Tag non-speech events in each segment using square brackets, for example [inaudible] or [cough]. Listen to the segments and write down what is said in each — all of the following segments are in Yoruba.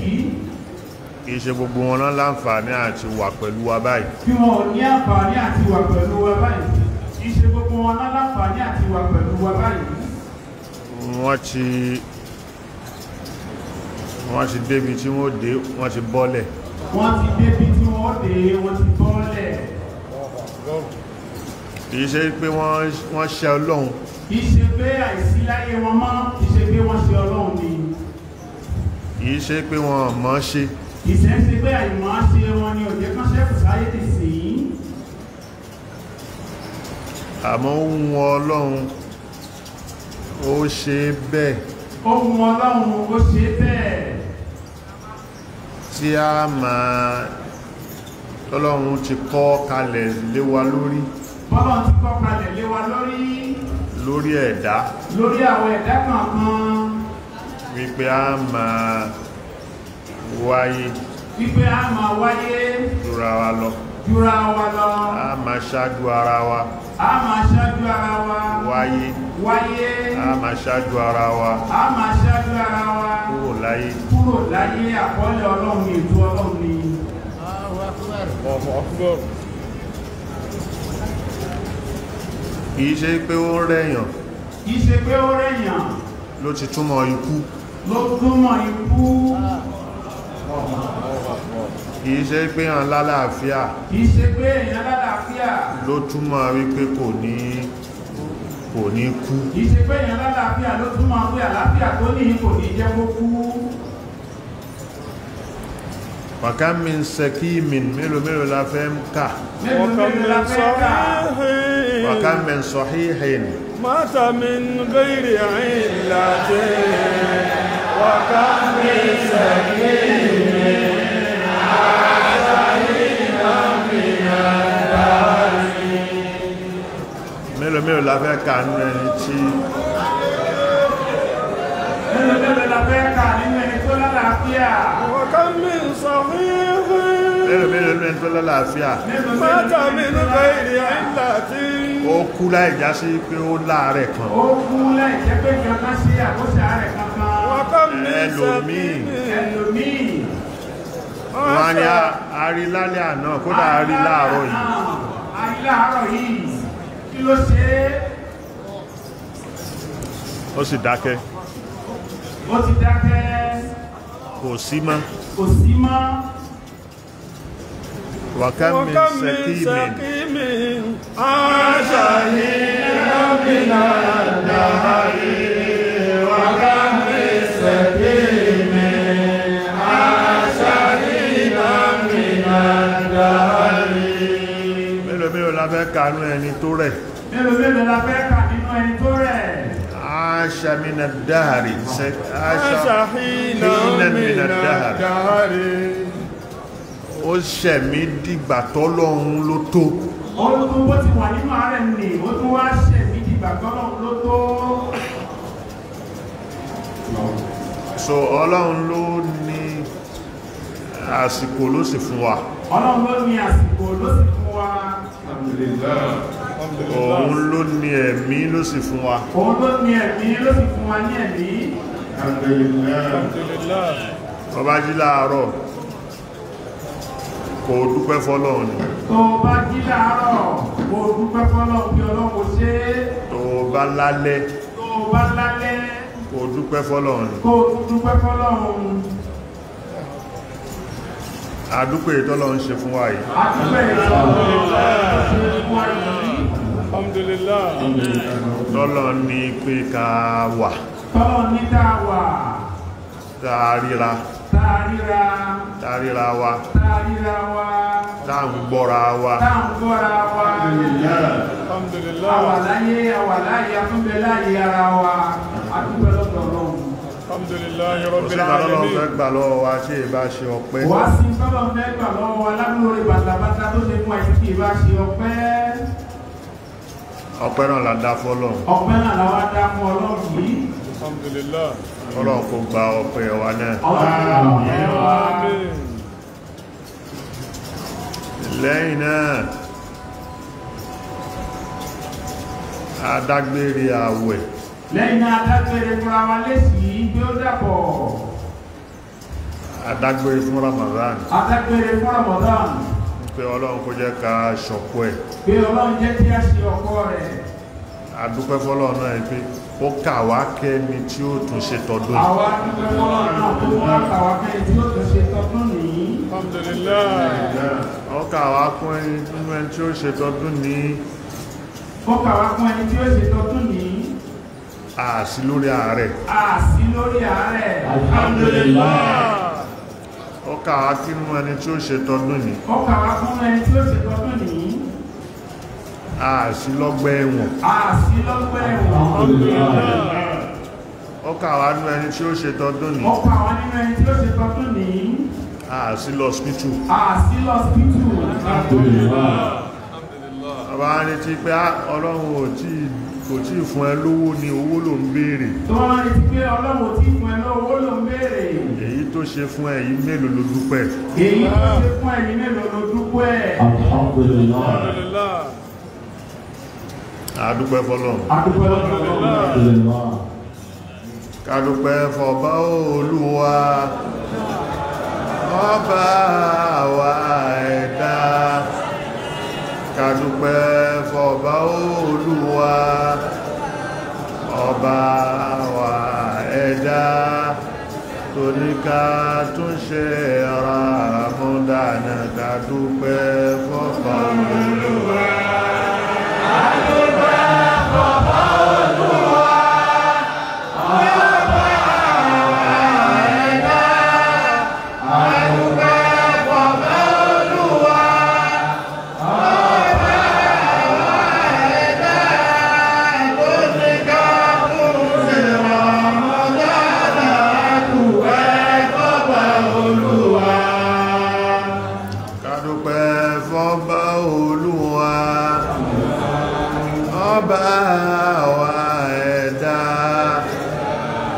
yìí kì í ṣe gbogbo wọn náà láǹfààní àti wà pẹ̀lú wa báyìí kí wọn ò ní àǹfààní àti wà pẹ̀lú wa báyìí kì í ṣe gbogbo wọn náà láǹfààní àti wà pẹ̀lú wa báyìí wọ́n ti wọ́n ti débi tí wọ́n dé wọ́n ti bọ́lẹ̀ wọ́n ti débi tí wọ́n dé wọ́n ti bọ́lẹ̀ kì í ṣe pé wọ́n ṣe ọlọ́run kì í ṣe pé àìsí láyé wọn mọ́ kì í ṣe pé wọ́n ṣe ọlọ́run ni kìí ṣe pé wọn mọ̀ ṣe ìṣẹ́ṣe pé àìmọ̀ ṣe wọn ni òjẹ́ kan ṣẹ́kù sáyé ti sìn àmọ́ ohun ọlọ́run ó ṣe bẹ́ẹ̀ ohun ọlọ́run ó ṣe bẹ́ẹ̀ tí a máa tọ́lọ́run ti kọ́ kalẹ̀ léwa lórí bọ́lọ̀ ti kọ́ kalẹ̀ léwa lórí lórí ẹ̀dá lórí àwọn ẹ̀dá kankan wípé a máa wáyé wípé a máa wáyé jura wa lọ jura wa lọ a máa ṣáájú ara wa a máa ṣáájú ara wa wáyé a máa ṣáájú ara wa kúrò láyé àkọọ́lẹ̀ ọlọ́run ètò ọlọ́run ni kìí ṣe pé ó rẹ̀yàn kìí ṣe pé ó rẹ̀yàn ló ti túmọ̀ ikú lọ́gbọ́mọ̀ ikú kìí ṣe pé hàn lálàáfíà kìí ṣe pé èyàn lálàáfíà ló túmọ̀ wípé kò ní kò ní kú kìí ṣe pé èyàn lálàáfíà ló túmọ̀ pé àlàáfíà tó ní kò ní jẹ́ kó kú wàkán mi sẹ́kí mi mélòó mélòó la fẹ́ ń kà wàkán mi sọ̀hí hìn mátà mi gẹ́rì àìlàjẹ́ mélòó mélòó la fẹ́ kà nínú ẹni tí mélòó mélòó la fẹ́ kà nínú ẹni tó lálàáfíà ọ̀kan mi ń sọ fífín mélòó mélòó nínú ẹni tó lálàáfíà mátà mi ló fẹ́ ìrì àìlà tí ó kú láì já pé ó láàárẹ̀ kan ó kú láì jẹ́ pé kankan sí àkóso àárẹ̀ kan ẹlòmíì wọ́n ni a rí lálẹ́ àná kódà a rí láàárọ̀ yìí a rí láàárọ̀ yìí kí ló ṣe ó sì dákẹ́ ó sì dákẹ́ kò sí mọ́ kò sí mọ́ wàkámi sẹ́kìmì aṣàlẹ̀ ọ̀gbìnà àdáhàrí wàkámi sẹ́kìmì fẹ́ kànú ẹni la fẹ́ kà nínú ẹni tó rẹ̀ عاش من الدهر عاش حين من الدهر ó ṣẹ̀mí dìgbà tọ́lọ́run ló tó olùkún bó ti wà nínú ààrẹ nì ó tún wá ṣẹ̀mí dìgbà tọ́lọ́run ló tó so ọlọ́run ló ní àsìkò ló sì fún wa ọlọ́run ló ní àsìkò ló sì fún wa òun ló ní ẹ̀mí ló sì fún wa ọba jí láàárọ̀ kò dúpẹ́ fọ́lọ́run ni tó jí láàárọ̀ kò dúpẹ́ fọ́lọ́run bí ọlọ́pọ̀ ṣe tó lálẹ́ kò dúpẹ́ fọ́lọ́run ni kò dúpẹ́ fọ́lọ́run àdúpẹ́ ìtọ́lọ ń ṣe fún wa yìí tọ́lọ ní pé ká wà tààríra tààríra wa tààgbọ́ra wa àwàláyé àwàláyé àtúnbẹ̀láyé ara wa àdúgbẹ̀lọ́ alhamdulillahi rabbil alamin wá sí sábà fẹ́ gbà lọ́wọ́ alágbóore bàtàbàtà tó lè mú àìsí ìbá ṣe ọpẹ́ ọpẹ́ náà la dá fọ́lọ́run ọpẹ́ náà la wá dá fún ọlọ́run yìí alhamdulillah ọlọ́run kò gba ọpẹ́ wa lẹ́yìn náà adágbére àwẹ̀ lẹ́yìn náà adágbére fúnra wa lẹ́sìn bí ó dàpọ̀. adágbére fún Ramadan. adágbére fún Ramadan. pé Ọlọ́run kó jẹ́ ká ṣọ̀kọ ẹ̀. pé Ọlọ́run jẹ́ kí a ṣe ọkọ rẹ̀. adúpẹ́ fọlọ́run náà yìí pé ó kà wá kẹ́ni tí ó tún ṣe tọdún. àwa adúpẹ́ fọlọ́run náà tó wá kà wá kẹ́ni tí ó tún ṣe tọdún nìyí. alhamdulilayi. ó kún ẹni tí ó ṣe tọdún nìyí. ó kà kún ẹni tí ó ṣe tọdún nìyí ààsí lórí ààrẹ ààsí lórí ààrẹ alhamdulillah ọkà akínú ẹni tí ó ṣe tọdún ní ọkà akínú ẹni tí ó ṣe tọdún ní ààsí lọ́gbẹ́ ẹ̀wọ̀n ààsí lọ́gbẹ́ ẹ̀wọ̀n ọkà wánú ẹni tí ó ṣe tọdún ní ọkà wánú ẹni tí ó ṣe tọdún ní ààsí lọ spítù ààsí lọ spítù alhamdulillah ọba ní ti pé ah, ọlọ́run ò tí kò tí ì fún ẹ lówó ni owó ló ń béèrè. tó ti pé ọlọ́run tí fún ẹ lówó ló ń béèrè. èyí tó ṣe fún ẹ yìí mélòó ló dúpẹ́. èyí tó ṣe fún ẹ yìí mélòó ló dúpẹ́. àdúpẹ́ fọlọ́run. àdúpẹ́ fọlọ́run. kàdúpẹ́ fọba olúwa ọba àwa ẹ̀dá kàdúpẹ́ fọba olúwa ọba wa ẹ̀dá tó ní ká tún ṣe ara mú dáadáa kàdúpẹ́ fọba olúwa àwa ẹ̀dá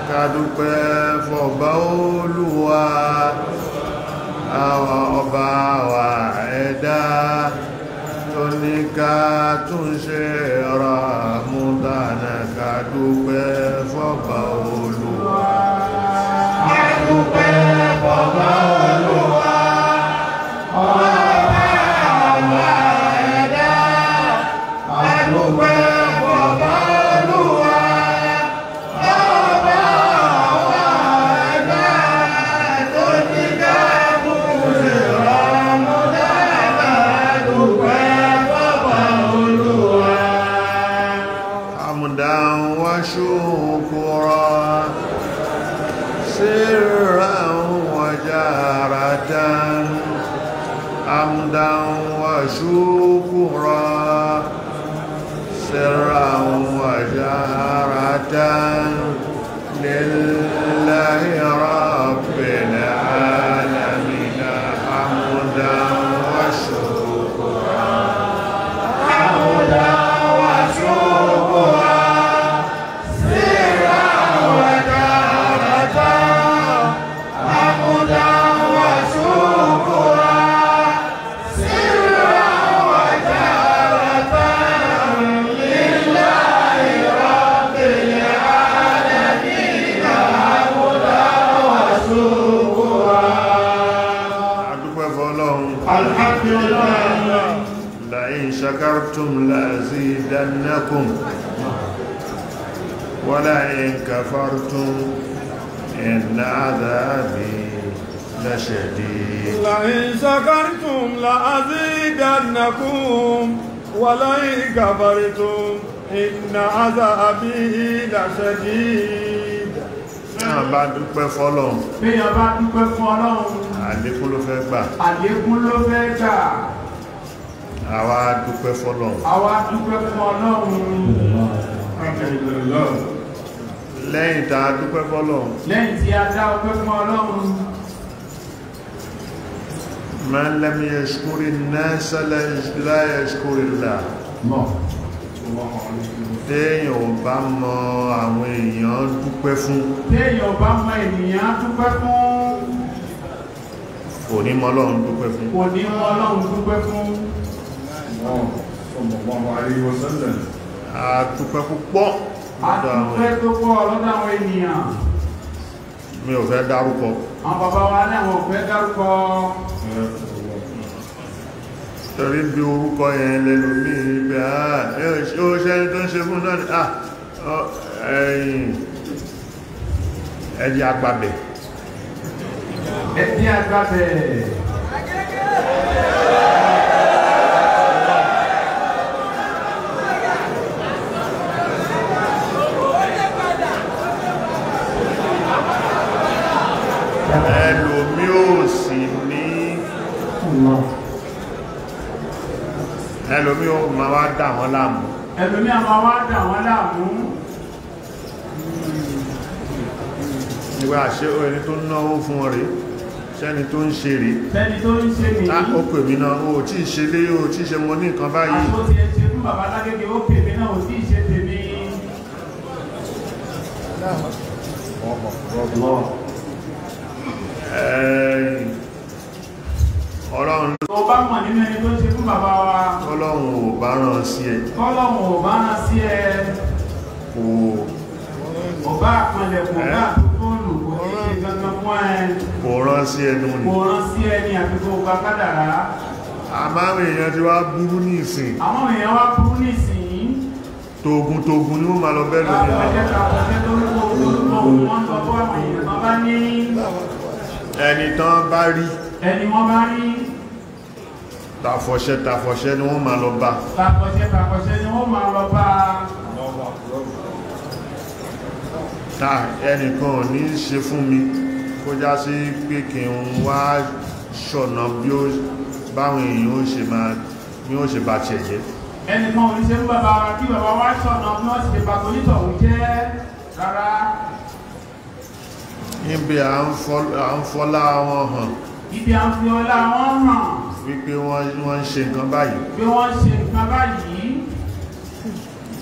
kàdúpẹ́ fọba olúwa àwa ọba àwa ẹ̀dá tó ní ká tún ṣe ra múdánà kàdúpẹ́ fọba olúwa kàdúpẹ́ fọba olúwa شديد Béèyàn bá dúpẹ́ fọ́lọ́run. Béèyàn bá dúpẹ́ fọ́lọ́run. Àlékún ló fẹ́ gbà. Àlékún ló fẹ́ gbà. Àwa dúpẹ́ fọ́lọ́run. Àwa dúpẹ́ fọ́lọ́run. Lẹ́yìn tá a dúpẹ́ fọ́lọ́run. Lẹ́yìn tí a dá ọpẹ́ fọ́lọ́run. من لم يشكر الناس téèyàn ò bá mọ àwọn èèyàn dúpẹ́ fún téèyàn ò bá mọ ènìyàn dúpẹ́ fún kò ní mọ ọlọ́run dúpẹ́ fún kò ní mọ ọlọ́run dúpẹ́ fún àtúpẹ́ púpọ̀ àtúpẹ́ tó pọ̀ lọ́dọ̀ àwọn ènìyàn mi ò fẹ́ dárúkọ àwọn bàbá wa náà ò fẹ́ dárúkọ torí bí orúkọ yẹn lẹ́nu mí ibẹ̀ ó ṣe tó ń ṣe fún náà ẹ̀yìn ẹ̀dí agbábẹ̀ ẹ̀dí agbábẹ̀ ẹlòmí ó ma wá dà wọ́n láàmú ẹlòmí a ma wá dà wọ́n láàmú ìwé àṣẹ ẹni tó náwó fún rẹ̀ sẹ́ni tó ń ṣe rí sẹ́ni tó ń ṣe rí ó pè mí náà ó tí ì ṣe lé ó tí ì ṣe mo ní nǹkan báyìí àṣọ ti ẹ ṣe fún bàbá lágége ó pè mí náà ó tí ì ṣe tèmi ọmọ ọmọ ẹ̀ẹ́ ọlọ́run tó bá mọ̀ nínú ẹni tó ṣe fún bàbá wa ọlọ́run ò bá rán sí ẹ ọlọ́run ò bá rán sí ẹ kò ò bá àpẹẹlẹ̀ kò bá àtúntòòlù kò ní ṣe gangan fún ẹ kò rán sí ẹnu ni kò rán sí ẹni àfikún ọgbà kádàrá àmáwọn èèyàn ti wá burú ní àwọn èèyàn wá burú ní togun togun ni wọ́n máa lọ bẹ́ẹ̀ lónìí ẹni tán bá rí ẹni wọ́n bá rí tàfọ̀ṣẹ́ tàfọ̀ṣẹ́ ni wọ́n máa lọ bá tàfọ̀ṣẹ́ tàfọ̀ṣẹ́ ni wọ́n máa lọ bá ta ẹnìkan ní ṣe fún mi kó já sí pé kí n wá ṣọ̀nà bí ó báwọn èèyàn ó ṣe máa ní ó ṣe bá ṣe jẹ́ ẹnìkan ò ní ṣe ń bàbá wa kí bàbá wá ṣọ̀nà bí wọ́n ṣe bá tonítọ̀ ò jẹ́ rárá níbi à ń fọlá wọn hàn ibi à ń fi ọlá wọn hàn wípé wọ́n ń ṣe nǹkan báyìí bí wọ́n ṣe nǹkan báyìí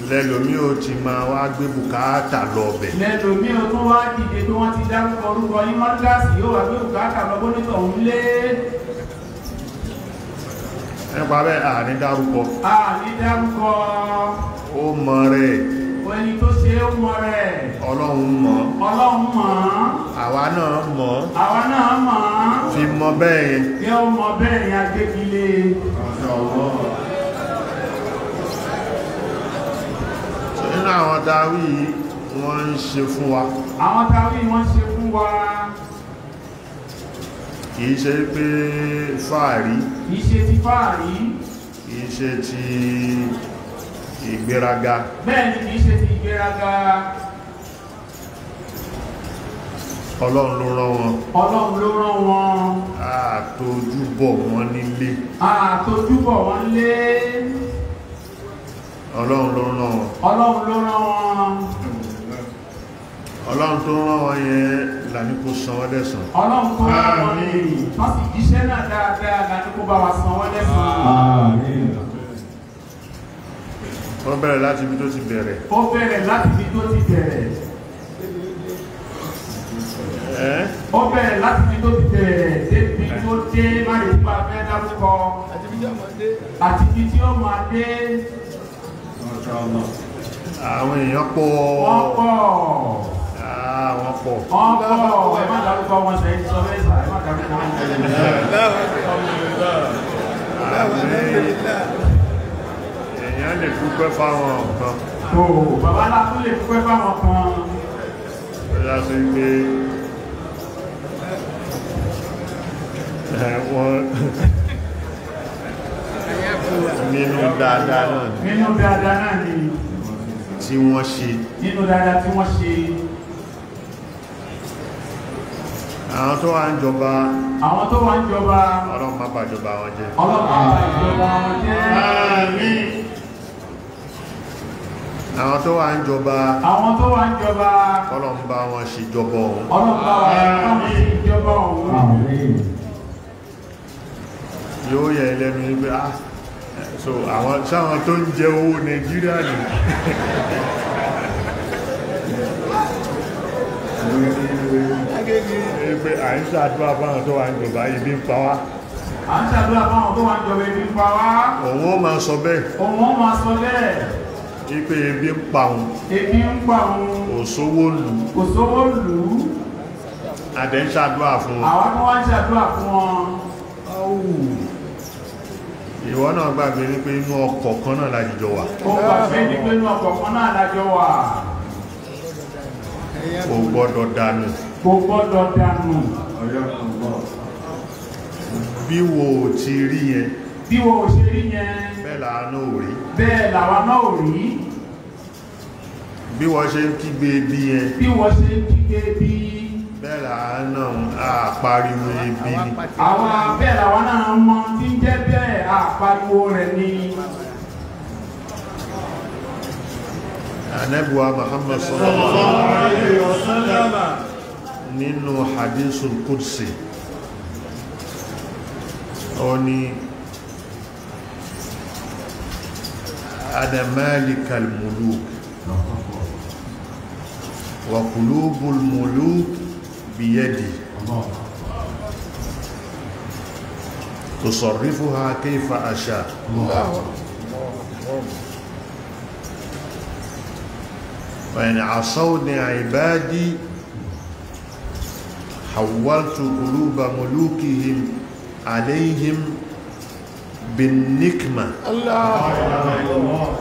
lẹ́lòmí ò ti máa wá gbé bùkátà lọ bẹ̀. lẹ́lòmí ò tún wá dìde tó wọ́n ti dárúkọ orúkọ yí mọ́dúlásì yóò wá gbé bùkátà lọ bónítọ̀ ń lé nípa bẹ́ẹ̀ àní dárúkọ àní dárúkọ ó mọ rẹ̀ ṣùgbọ́n ẹni tó ṣe é mọ rẹ̀. ọlọ́run mọ̀. ọlọ́run mọ̀. àwa náà mọ̀. àwa náà mọ̀. fi mọ bẹ́ẹ̀ yẹn. ó mọ bẹ́ẹ̀ yẹn agbẹ́gilé. ọ̀dọ̀ nínú àwọn dáwí wọ́n ń ṣe fún wa. àwọn dáwí wọ́n ń ṣe fún wa kìí ṣe pé fàárí kìí ṣe ti fàárí kìí ṣe ti ìgbéraga bẹ́ẹ̀ni kìí ṣe ti ìgbéraga ọlọ́run ló rán wọn ọlọ́run ló rán wọn àtòjúbọ̀ wọn nílé àtòjúbọ̀ wọn nílé ọlọ́run ló rán wọn ọlọ́run ló rán wọn ọlọ́run tó rán wọn yẹn lànà kó san wọ́n lẹ́san ọlọ́run tó rán wọn ní wọ́n sì jíṣẹ́ náà dáadáa lànà kó bá wa san wọ́n lẹ́san ó bẹ̀rẹ̀ láti ibi tó ti bẹ̀rẹ̀ ó bẹ̀rẹ̀ láti ibi tó ti bẹ̀rẹ̀ ó bẹ̀rẹ̀ láti ibi tó ti bẹ̀rẹ̀ débi tó dé má lè fún abẹ́ dárúkọ àti ibi tí ó máa dé àwọn èèyàn pọ̀ wọ́n pọ̀ ah, wọ́n pọ̀ wọ́n pọ̀ ẹ má dárúkọ wọn sẹ́yìn sọ bẹ́ẹ̀ sà ẹ má dárúkọ wọn sẹ́yìn èèyàn lè dúpẹ́ fáwọn nǹkan. o bàbá ńlá tún lè dúpẹ́ fáwọn kan. ó yá sí pé wọ́n nínú dáadáa náà ni. nínú dáadáa náà ni. tí wọ́n ṣe. nínú dáadáa tí wọ́n ṣe. àwọn tó wà ń jọba. àwọn tó wà ń jọba. ọlọ́run má wọn jẹ́. ọlọ́run má wọn jẹ́. tó wà ń jọba àwọn tó wà ń jọba ọlọ́mbà wọn ṣe jọba ọ̀hún ọlọ́mbà wọn ṣe jọba ọ̀hún yóò yẹ lẹ́nu wípé ah so àwọn sáwọn tó ń jẹ owó Nàìjíríà ni pé à ń ṣàdúrà fáwọn tó wà ń jọba ibi ń pa wá. à ń ṣàdúrà fáwọn tó wà ń jọba ibi ń pa wá. òun ó máa sọ bẹ́ẹ̀. òun ó máa sọ bẹ́ẹ̀ wípé ebi ń pa òun ebi ń pa òun kò sówó lù kò sówó lù ú àdẹ́ ń ṣàdúrà fún wọn àwọn tó wá ń ṣàdúrà fún wọn ọ̀hù ìwọ náà gbàgbé ní pé inú ọkọ̀ kan náà lájọ wà ó gbàgbé ní pé inú ọkọ̀ kan náà lájọ wà kò gbọ́dọ̀ dànù kò gbọ́dọ̀ dànù bí wo ti rí yẹn bí wo ṣe rí yẹn làánú ò rí bẹ́ẹ̀ làwa náà ò rí bí wọ́n ṣe ń kígbe ebi yẹn bí wọ́n ṣe ń kígbe ebi bẹ́ẹ̀ làánà àpariwo ebi ni àwọn bẹ́ẹ̀ làwa náà mọ tí ń jẹ́ bẹ́ẹ̀ àpariwo rẹ̀ ni anabuwa Muhammad sallallahu alaihi wasallam nínú hadisul qudsi Oni. ní أنا مالك الملوك وقلوب الملوك بيدي تصرفها كيف أشاء وإن عصوني عبادي حولت قلوب ملوكهم عليهم بالنكمة الله الله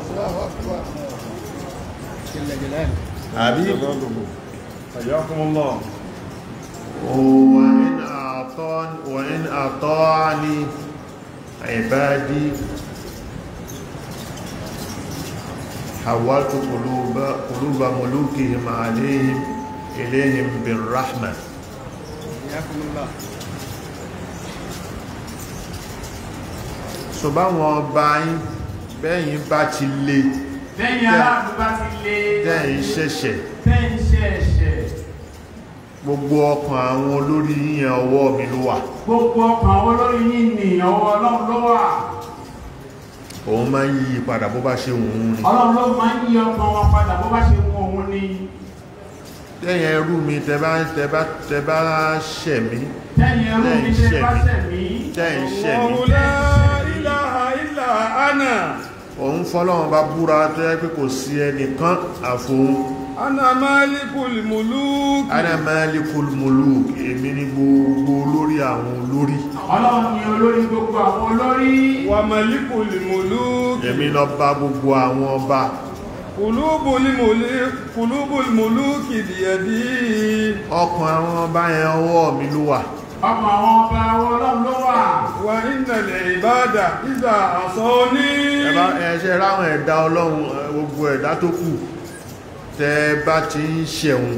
أكبر حياكم الله وإن أعطاني وإن أطاعني عبادي حولت قلوب قلوب ملوكهم عليهم إليهم بالرحمة حياكم الله ṣùgbọ́n wọn bá yín bẹ́yìn bá ti lè bẹ́yìn aláàbò bá ti lè tẹ́yìn ṣẹ̀ṣẹ̀ tẹ́yìn ṣẹ̀ṣẹ̀ gbogbo ọkàn àwọn olórí yíyan ọwọ́ mi ló wà gbogbo ọkàn àwọn olórí yíyan ni ọwọ́ ọlọ́run ló wà òun máa ń yí padà bó bá ṣe wùn òun ni tẹ́yìn ẹrú mi tẹ́bá ṣẹ̀ mí tẹ́yìn ẹrú mi tẹ́bá ṣẹ̀ mí tẹ́yìn ṣẹ̀ mí ana òun fọ́lọ́wọ́n bá búra tó yẹ pé kò sí ẹnìkan àfòun ana muluk ana malikul muluk èmi ni gbogbo olórí àwọn olórí ọlọ́run ni olórí gbogbo àwọn olórí wa malikul muluk èmi lọ bá gbogbo àwọn ọba kulubul muluk ìdíyẹ̀dí ọkàn àwọn ọba yẹn ọwọ́ mi ló wà ọmọ àwọn ọba ọlọ́run ló wà. wà nílẹ̀ ìbáàdà ìgbà àsọ ní. ẹ̀ṣẹ̀ ráwọn ẹ̀dá ọlọ́run gbogbo ẹ̀dá tó kù tẹ́ bá ti ń ṣẹ̀wọ̀n.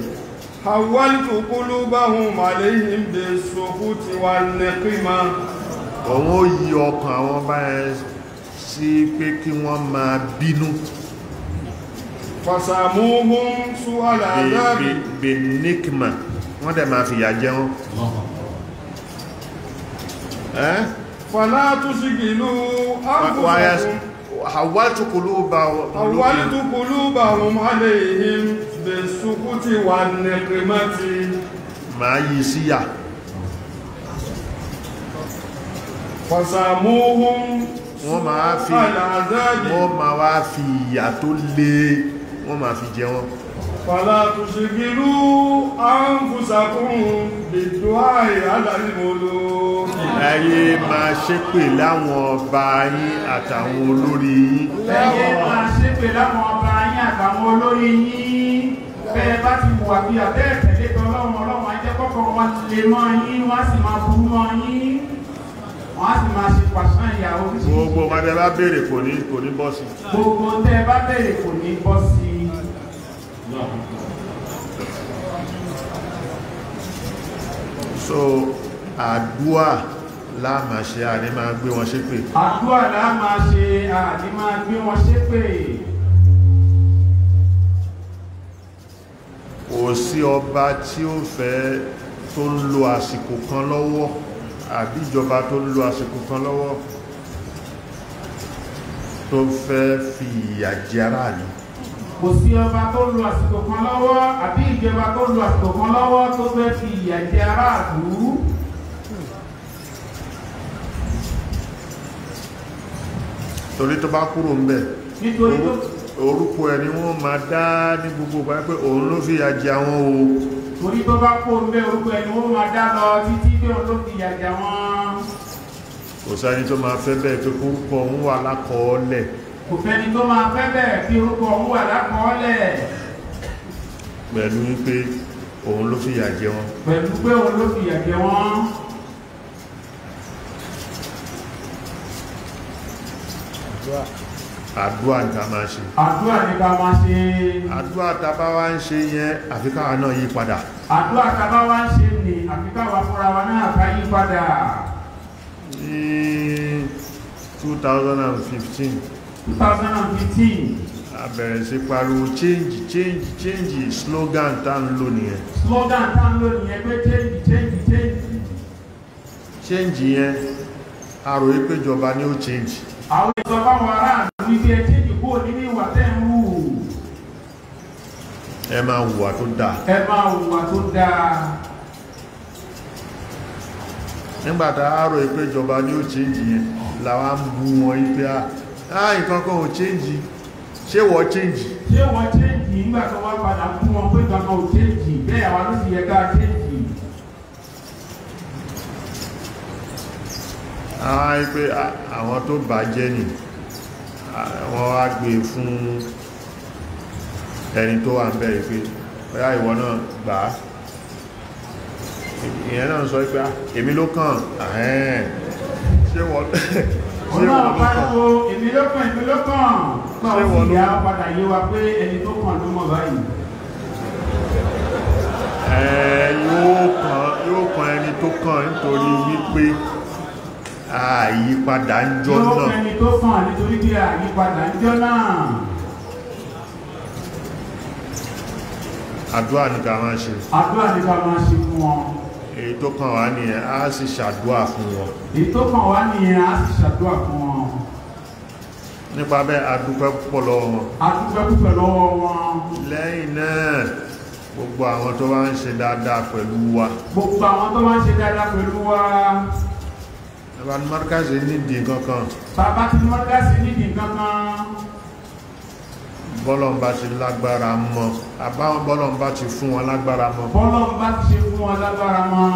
àwọ̀lùkù kúlú bá hun màlẹ́ yìí ń bẹ sọ́kú ti wà nẹ́kìmá. òun ó yí ọkàn àwọn bá ẹ sí pé kí wọ́n máa bínú fasamuhum su'ala adhabi bin nikma wọ́n dẹ̀ máa fìyà jẹ fàlá tó sì gìlú àwọ̀tù kùlúbà wọn alẹ́ ìhìn ti wà nẹ̀kìmọ́tí máa yí síyà fàsàmóhun wọ́n máa fi ìyà tó lé wọ́n máa fi jẹ wọ́n فلا تشغلوا أنفسكم بالدعاء على الملوك ẹ̀yin máa ṣépè láwọn ọba yín àtàwọn olórí yín ẹ̀yin máa ṣépè láwọn ọba yín àtàwọn olórí yín bẹ́ẹ̀ bá ti wà bí abẹ́ ìtẹ̀lé tọ́lọ́run ọlọ́run ajẹ́kọ́kọ́ wọn lè mọ́ yín wọ́n sì máa burú mọ́ yín wọ́n sì máa ṣe pàṣán ìyàwó gbogbo ọmọdé bá béèrè kò ní bọ́ sí gbogbo tẹ́ bá béèrè kò ní bọ́ sí so àdúà láàmà ṣe àní máa gbé wọn ṣépè àdúà láàmà ṣe àní máa gbé wọn ṣépè kò sí ọba tí ó fẹ́ tó ń lo àsìkò kan lọ́wọ́ àbí tó ń lo àsìkò kan lọ́wọ́ tó fẹ́ fi ìyà aráàlú kò sí ọba tó lu àsìkò kan lọ́wọ́ àbí ìjọba tó lu àsìkò kan lọ́wọ́ tó fẹ́ fi ìyà jẹ aráàlú. torí tó bá kúrò ń bẹ̀ orúkọ ẹ̀ ni wọ́n máa dá ní gbogbo ìgbà pé òun ló fi ìyà jẹ àwọn o. torí tó bá kúrò ń bẹ̀ orúkọ ẹ̀ ni wọ́n máa dá lọ títí pé òun ló fi ìyà àwọn. kò sẹ́ni tó máa fẹ́ bẹ́ẹ̀ pé kórúkọ òun wà lákọọ́lẹ̀ kò fẹ́ni tó máa fẹ́ bẹ́ẹ̀ kí orúkọ òun wà lákọọ́lẹ̀ pẹ̀lú wípé òun ló fìyà jẹ wọn pẹ̀lú pé òun ló fìyà jẹ wọn àdúrà ní ká máa ṣe àdúrà ní ká máa ṣe àdúrà tàbá wá ń ṣe yẹn àfikáwà náà yí padà àdúrà tàbá wá ń ṣe ní àfikáwà fúnra wa náà ká yí padà ní 2015 2015. a bẹ̀rẹ̀ sí pariwo change change change slogan tá ń lò nìyẹn. slogan tá ń lò nìyẹn pé change change change. change yẹn a rò wípé ìjọba ni ó change. àwọn ìjọba wa ará àdúgbò ibi ẹ change kúrò nínú ìwà tẹ́ ń wù. ẹ máa hùwà tó dáa. ẹ máa hùwà tó dáa nígbàtà àárò ìpéjọba ní ó change yẹn làwọn bú wọn ipé ah nǹkan kan ò change ṣé wọ́n change. ṣé wọ́n change nígbà tó wá padà fún wọn pé nǹkan kan ò change bẹ́ẹ̀ àwa ló sì yẹ ká change. àwọn ah, pé àwọn tó bàjẹ́ ni ah, wọ́n wá gbé e fún ẹni tó wà ń bẹ̀rẹ̀ pé ọ̀yá ìwọ náà gbà á ìyẹn náà sọ pé ah, èmi ló kàn ṣé wọ́n [laughs] ọlọ́run pariwo èmi ló kàn èmi ló kàn náà sì yà á padà yé wa pé ẹni tó kàn ló mọ̀ báyìí. ẹ yóò kan ẹni tó kàn nítorí wípé àyípadà ń jọ náà. yóò kan ẹni tó kàn nítorí pé àyípadà ń jọ náà. àdúrà ni ká máa ṣe. àdúrà ni ká máa ṣe fún wọn èyí tó kàn wá nìyẹn á sì ṣàdúà fún wọn èyí tó kàn wá nìyẹn á sì ṣàdúà fún wọn nípa bẹ́ adúpẹ́ púpọ̀ lọ́wọ́ wọn adúpẹ́ púpọ̀ lọ́wọ́ wọn lẹ́yìn náà gbogbo àwọn tó bá ń ṣe dáadáa pẹ̀lú wa gbogbo àwọn tó bá ń ṣe dáadáa pẹ̀lú wa bàbá ní mọ́ríkàsì nídìí kankan bàbá ní mọ́ríkàsì nídìí kankan bọ́lọ́n bá ti lágbára mọ́ àbáwọn bọ́lọ́n bá ti fún wọn lágbára mọ́ bọ́lọ́n bá ti ṣe fún wọn lágbára mọ́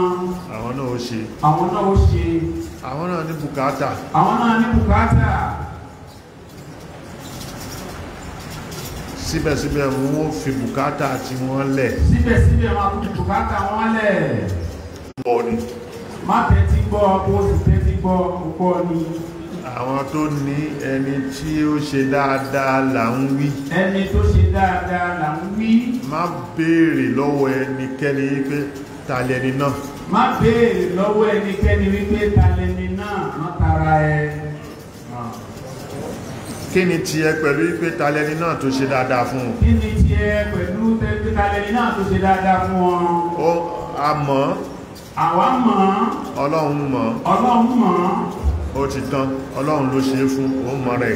àwọn náà ó ṣe àwọn náà ó ṣe àwọn náà ní bùkátà àwọn náà ní bùkátà síbẹ̀síbẹ̀ wọn ó fi bùkátà tí wọ́n lẹ̀ síbẹ̀síbẹ̀ wọn á fi bùkátà wọn lẹ̀ bọ́ọ̀ni má tẹ́tí gbọ́ kó sì tẹ́tí gbọ́ kó ní àwọn tó ní ẹni tí ó ṣe dáadáa là ń wí ẹni tó ṣe dáadáa là ń wí má béèrè lọ́wọ́ ẹnikẹ́ni wípé ta lẹni náà má béèrè lọ́wọ́ ẹnikẹ́ni wípé ta lẹni náà má tara ẹ kí ni ti ẹ pẹ̀lú pé talẹni náà tó ṣe dáadáa fún ọ kí ni ti ẹ pẹ̀lú pé talẹni náà tó ṣe dáadáa fún ọ a mọ̀ àwa mọ̀ ọlọ́run mọ̀ ọlọ́run mọ̀ ó ti tán ọlọ́run ló ṣe é fún òun mọ́ rẹ̀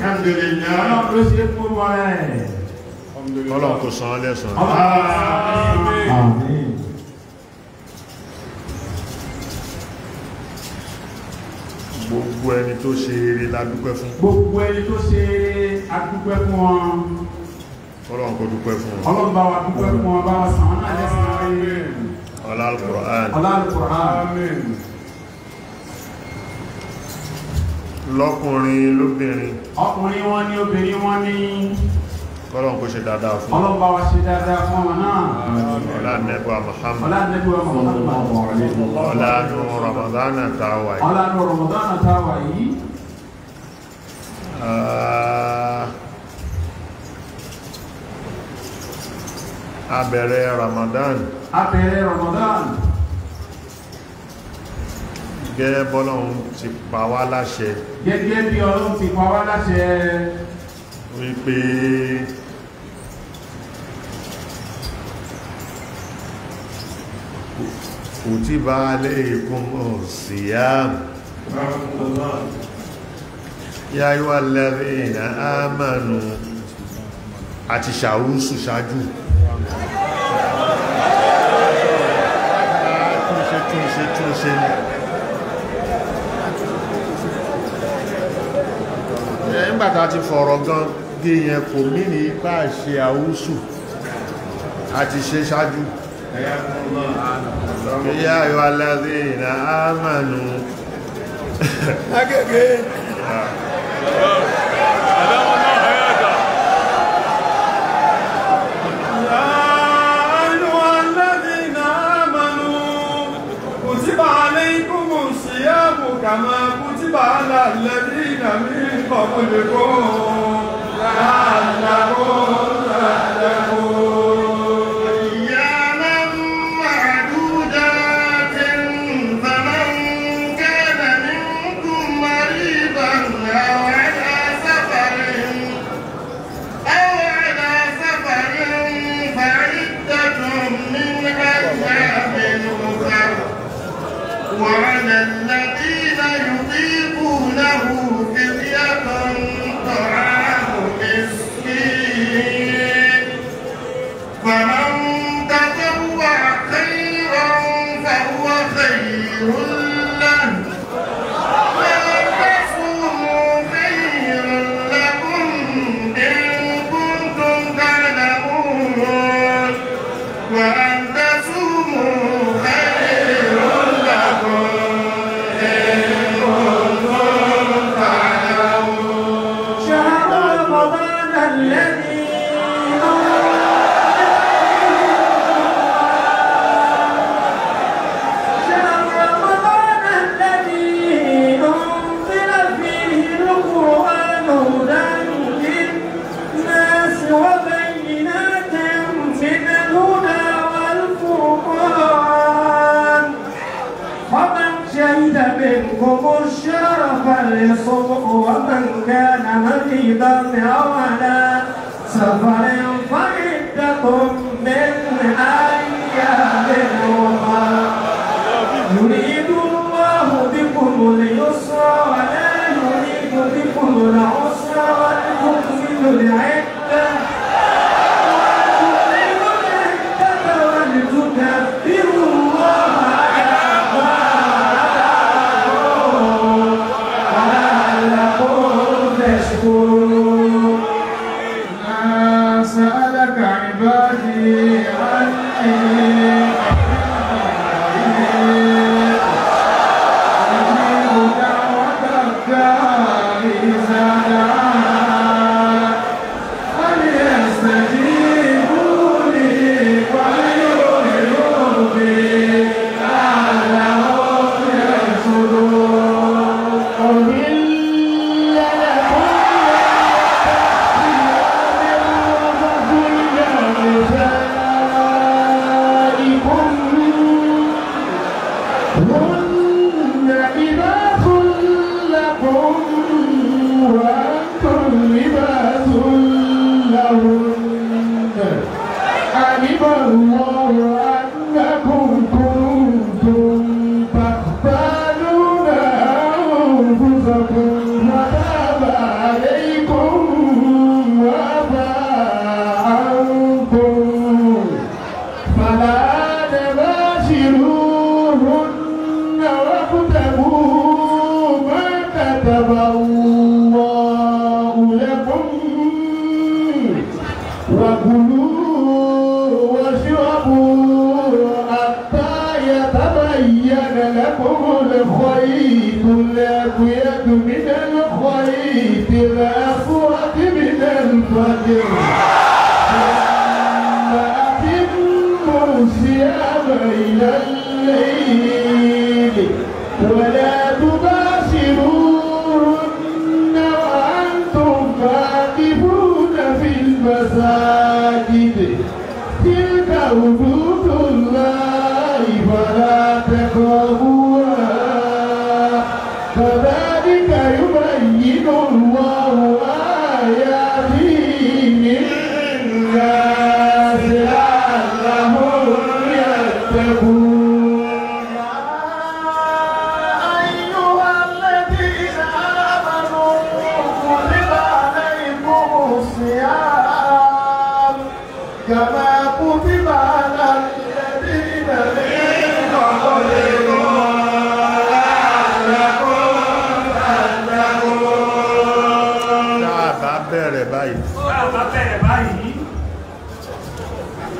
ọlọ́run kò san lẹ́san gbogbo ẹni tó ṣe eré ládúpẹ́ fún gbogbo ẹni tó ṣe eré adúpẹ́ fún wọn ọlọ́run kò dúpẹ́ fún wọn ọlọ́run bá wa dúpẹ́ fún wọn bá wa san án náà lẹ́san rẹ̀ ọlá Al-Qur'an ọlá Al-Qur'an lọ́kùnrin lóbìnrin ọkùnrin wọn ní obìnrin wọn ní kọ́lọ̀ kó ṣe dáadáa fún ọlọ́pàá wa ṣe dáadáa fún ọmọ náà ọlá nẹ́bọ̀ Muhammad ọlá nẹ́bọ̀ Muhammad ọlá nù Ramadana táwà yìí ọlá nù Ramadana táwà yìí ah, a bẹ̀rẹ̀ Ramadan a Ramadan gẹ́gẹ́ bọ́lọ́run ti pa wá láṣẹ gẹ́gẹ́ bí ọlọ́run ti pa wá láṣẹ wípé kutiba alaykumus siyam ya ayyuhal ladhina amanu àti ṣàúsù ṣáájú túnṣe túnṣe túnṣe nígbàtà ti fọ̀rọ̀ gan gé yẹn kò mí ní ipá ṣe àwúsù àti ṣe ṣáájú ìyá ayọ́ aládé ìrìnà ámànù agẹ́gẹ́ لكم الخيط الأبيض من الخيط الأسود من الفجر ثم إلى الليل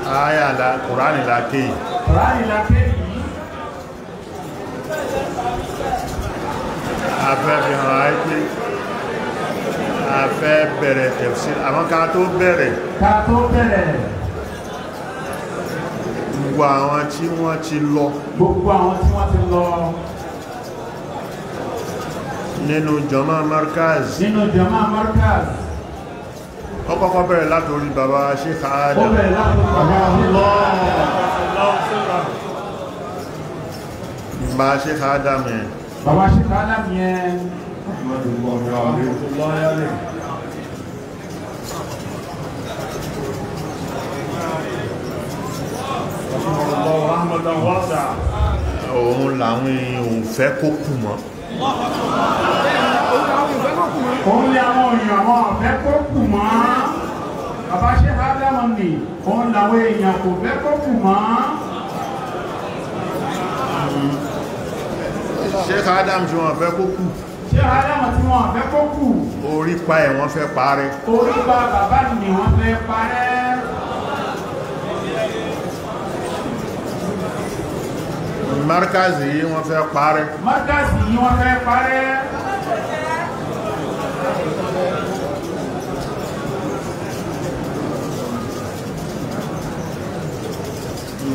aya la kùránì la ké yìí kùránì la ké yìí afẹ́ fi hàn áyé pé afẹ́ bẹ̀rẹ̀ tẹ̀sí àwọn ká tó bẹ̀rẹ̀ ká tó bẹ̀rẹ̀ gbogbo àwọn tí wọ́n ti lọ gbogbo àwọn tí wọ́n ti lọ nínú jọmọ́ markaz nínú jọmọ́ markaz ó kọ́kọ́ bẹ̀rẹ̀ látòrí bàbá Sheikh Adam bàbá Sheikh Adam yẹn bàbá Sheikh Adam yẹn òun làwọn èèyàn fẹ́ kó kù mọ́ òun làwọn èèyàn fẹ́ kó kù mọ́ bàbá ṣe ádámù nì òun làwọn èèyàn kò fẹ́ kó kù mọ́. ṣé ádámù ṣe wọn fẹ́ kó kù. ṣé ádámù tí wọn fẹ́ kó kù. orí pa ẹ̀ wọ́n fẹ́ parẹ́. orí pa bàbá nì wọ́n fẹ́ parẹ́. markazi yìí wọ́n fẹ́ parẹ́. markazi yìí wọ́n fẹ́ parẹ́.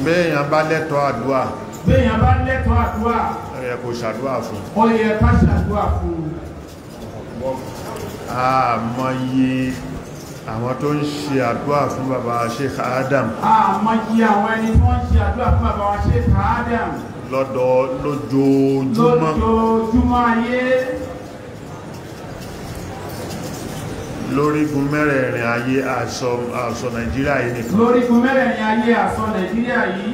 béèyàn bá lẹ́tọ̀ àdúà béèyàn bá lẹ́tọ̀ àdúà ó yẹ kó ṣàdúà fún ó àwọn tó ń ṣe àdúà fún bàbá Sheikh Adam àmọye àwọn ẹni tó ń ṣe lọ́dọ̀ lójoojúmọ́ lórígun mẹ́rẹ̀ẹ̀rin ayé àṣọ nàìjíríà yìí nìkan lórígun mẹ́rẹ̀ẹ̀rin ayé àṣọ nàìjíríà yìí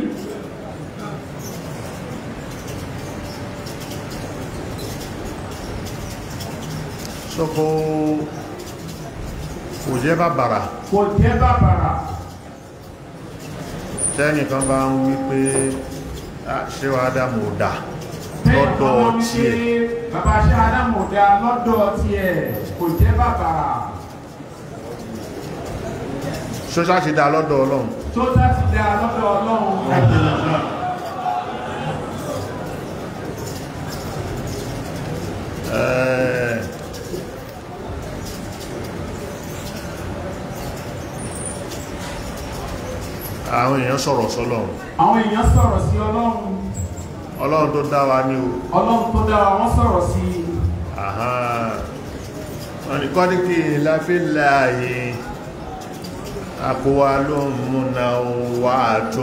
sọ́kọ́ kò jẹ́ bàbàrà kò jẹ́ bàbàrà tẹ́nìkan bá ń wí pé ṣé wàá dámò dà lọ́dọ̀ tiẹ̀ bàbá ṣé àdámò dà lọ́dọ̀ tiẹ̀ kò jẹ́ bàbàrà ṣóṣá ṣe dá lọ́dọ̀ ọlọ́run. ṣóṣá ṣe dá lọ́dọ̀ ọlọ́run. [laughs] Eh. àwọn èèyàn sọ̀rọ̀ sọ́lọ́run. àwọn èèyàn sọ̀rọ̀ sí ọlọ́run. ọlọ́run tó dá wa ní o. ọlọ́run tó dá wa wọ́n sọ̀rọ̀ sí i. àhán. ọ̀nìkọ́ni kì í láfi láàyè. أقوال منوعة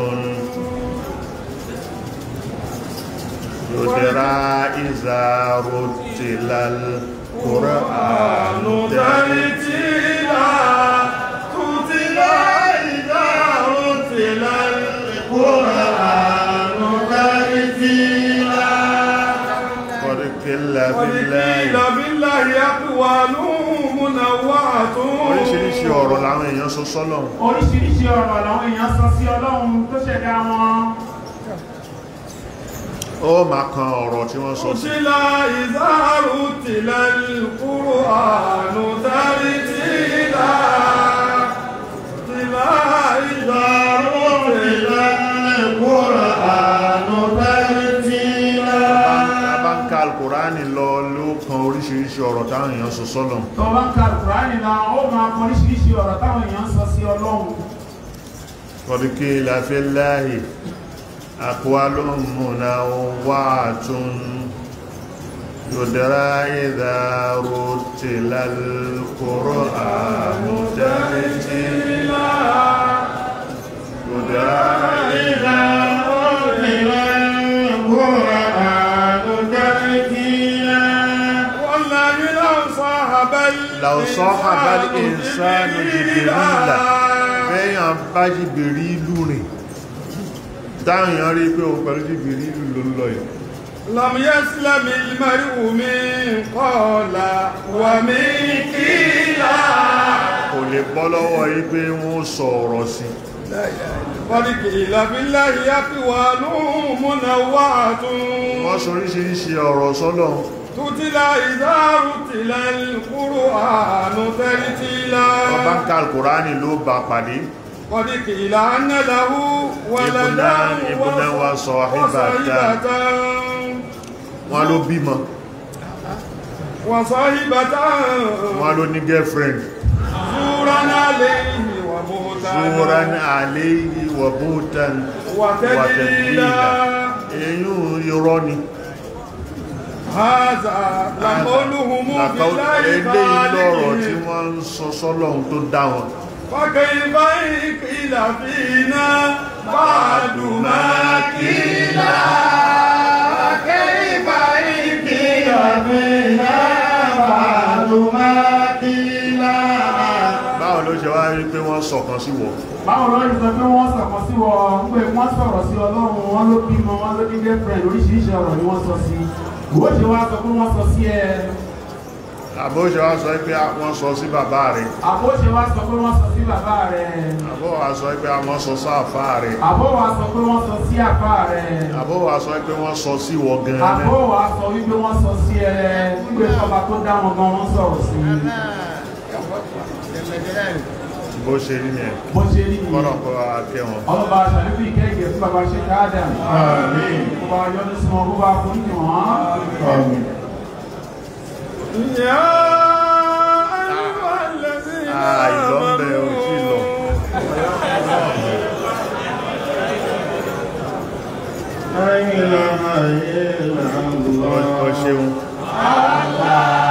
يدرى إذا رتل القرآن ترتيلا قتل إذا رتل القرآن ترتيلا قد قل بالله أقوال oríṣiríṣi ọ̀rọ̀ làwọn èèyàn sọ sọ́lọ́run oríṣiríṣi ọ̀rọ̀ làwọn èèyàn sọ sí ọlọ́run tó ṣẹ̀dá wọn ó ma kan ọ̀rọ̀ tí wọ́n sọ sí ìzáàrù àánú oríṣiríṣi ọ̀rọ̀ táwọn èèyàn sọ sọ́lọ̀ tó bá ìlàfẹ́ láàyè àkọwàlóhùnmùnà wà tún yòdára ìdárò tìlàkùrọ̀ àmúdárí tìlà yòdára ìdárò tìlàkùrọ̀ àmúdárí làwọn sọ́ọ́hà bá ní ìsánú jìbìrì ìlà fẹ́yàn bá jìbìrì ìlú rìn táwọn èèyàn rí pé òun pẹ̀lú jìbìrì ìlú ló ń lọ yìí lọ́mùyẹ́sílẹ̀mí mẹ́rìnwó mi ń kọ́ọ̀lá wà mí kílá kò lè bọ́ tutila ìdáàrú tìlẹ̀ ìkúrò àánú tẹ́lí tìlà. ọba ń ka alukurani ló bá pàdé. kọ́dí kìlá ńlẹ́lẹ́hu wàlẹ́dá ìbùnẹ́wà sọ ìbàdà wọn ló bímọ. wọ́n sọ ìbàdà. wọn ló ní girlfriend. zúránà lẹ́yìn wà bóòtán. zúránà lẹ́yìn wà bóòtán. wà tẹ́lí ni eléyìí lọ́rọ̀ tí wọ́n ń sọ sọ́lọ́hun tó dá wọn. fọ́kẹ́ ibà ìkìlà fi iná bàdùmá kìlà. fọ́kẹ́ ibà ìkìlà fi iná bàdùmá kìlà. báwo ló ṣe wá rí pé wọ́n sọ̀kan sí wọ. báwo ló ṣe sọ pé wọ́n sọ̀kan sí wọ pé wọ́n sọ̀rọ̀ sí ọlọ́run wọn ló bímọ wọn ló ní girlfriend oríṣiríṣi ọ̀rọ̀ ni wọ́n sọ sí i bó ṣe wá sọ pé wọ́n sọ sí ẹ àbó ṣe wá sọ pé wọ́n sọ sí bàbá rẹ̀ àbó ṣe wá sọ pé wọ́n sọ sí bàbá rẹ̀ àbó wá sọ pé wọ́n sọ sí àfá rẹ̀ àbó wá sọ pé wọ́n sọ sí àfá rẹ̀ àbó wá sọ pé wọ́n sọ sí wọ gan àbó wá bó ṣe rí yẹn bó ṣe rí yẹn kọ́nà kọ́ akẹ́ wọn. ọlọ́ba àṣàlùkù ìkẹ́kẹ́ fún bàbá ṣe káàdà kó bá yọ́nú sí wọn kó bá kún ní wọn. ìyá àyùbá lẹ́sìn náà lọ́bẹ̀ òjì lọ. Ayé lọ́mọ ayé lọ́mọ. Ọ̀ṣẹ́un. Allah.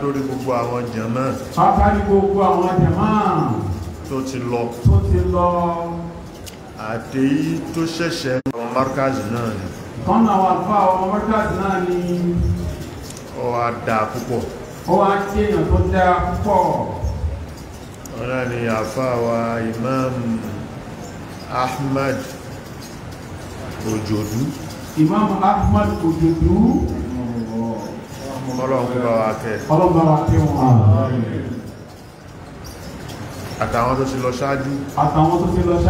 dórí gbogbo àwọn jàmá. pátárí gbogbo àwọn jàmá. tó ti lọ. tó ti lọ. àtẹ̀yí tó ṣẹ̀ṣẹ̀ ọmọ márkàzì náà ni. kọ́nà wà fà ọmọ márkàzì náà ni. ó wá dáa púpọ̀. ó wá tí èèyàn tó dáa púpọ̀. ọ̀nà ni àfà wa imam ahmad ojodu. imam ahmad ojodu ọlọ́run kó bá wa kẹ́ ọlọ́run bá wa kẹ́ wọn àtàwọn tó ti lọ àtàwọn tó ti lọ ṣáájú